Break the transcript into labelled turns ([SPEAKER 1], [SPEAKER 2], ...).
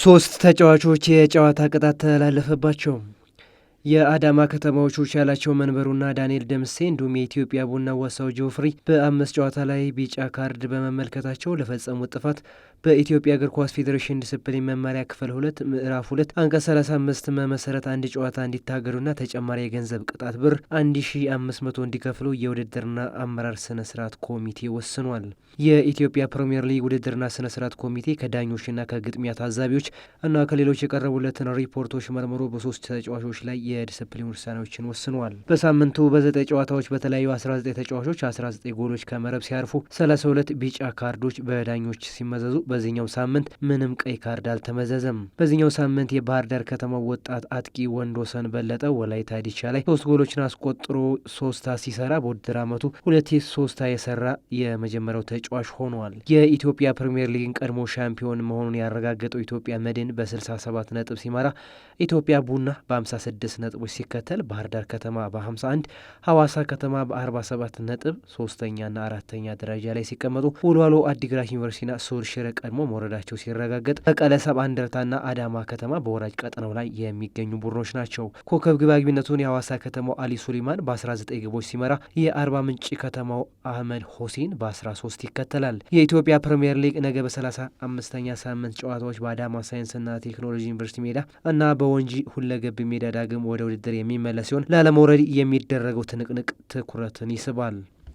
[SPEAKER 1] ሶስት ተጫዋቾች የጨዋታ ቅጣት ተላለፈባቸው። የአዳማ ከተማዎቹ ያላቸው መንበሩና ዳንኤል ደምሴ እንዲሁም የኢትዮጵያ ቡና ዋሳው ጆፍሪ በአምስት ጨዋታ ላይ ቢጫ ካርድ በመመልከታቸው ለፈጸሙት ጥፋት በኢትዮጵያ እግር ኳስ ፌዴሬሽን ዲስፕሊን መመሪያ ክፍል ሁለት ምዕራፍ ሁለት አንቀጽ ሰላሳ አምስት መመሰረት አንድ ጨዋታ እንዲታገዱና ተጨማሪ የገንዘብ ቅጣት ብር አንድ ሺ አምስት መቶ እንዲከፍሉ የውድድርና አመራር ስነ ስርዓት ኮሚቴ ወስኗል። የኢትዮጵያ ፕሪምየር ሊግ ውድድርና ስነ ስርዓት ኮሚቴ ከዳኞችና ከግጥሚያ ታዛቢዎች እና ከሌሎች የቀረቡለትን ሪፖርቶች መርምሮ በሶስት ተጫዋቾች ላይ የዲስፕሊን ውሳኔዎችን ወስነዋል። በሳምንቱ በዘጠኝ ጨዋታዎች በተለያዩ 19 ተጫዋቾች 19 ጎሎች ከመረብ ሲያርፉ 32 ቢጫ ካርዶች በዳኞች ሲመዘዙ በዚህኛው ሳምንት ምንም ቀይ ካርድ አልተመዘዘም። በዚህኛው ሳምንት የባህር ዳር ከተማው ወጣት አጥቂ ወንዶሰን በለጠ ወላይታ ዲቻ ላይ ሶስት ጎሎችን አስቆጥሮ ሶስታ ሲሰራ በውድድር አመቱ ሁለት ሶስታ የሰራ የመጀመሪያው ተጫዋች ሆኗል። የኢትዮጵያ ፕሪምየር ሊግን ቀድሞ ሻምፒዮን መሆኑን ያረጋገጠው ኢትዮጵያ መድን በ67 ነጥብ ሲመራ ኢትዮጵያ ቡና በ56 ነጥቦች ሲከተል ባህር ዳር ከተማ በ51 ሐዋሳ ከተማ በ47 ነጥብ ሶስተኛና አራተኛ ደረጃ ላይ ሲቀመጡ ወልዋሎ አዲግራት ዩኒቨርሲቲና ሱር ሽረ ቀድሞ መውረዳቸው ሲረጋገጥ መቀለ ሰብአ እንደርታና አዳማ ከተማ በወራጅ ቀጠናው ላይ የሚገኙ ቡድኖች ናቸው። ኮከብ ግብ አግቢነቱን የሐዋሳ ከተማው አሊ ሱሊማን በ19 ግቦች ሲመራ የአርባ ምንጭ ከተማው አህመድ ሆሴን በ13 ይከተላል። የኢትዮጵያ ፕሪምየር ሊግ ነገ በ35ኛ ሳምንት ጨዋታዎች በአዳማ ሳይንስና ቴክኖሎጂ ዩኒቨርሲቲ ሜዳ እና በወንጂ ሁለገብ ሜዳ ዳግም ወደ ውድድር የሚመለስ ሲሆን ላለመውረድ የሚደረገው ትንቅንቅ ትኩረትን ይስባል።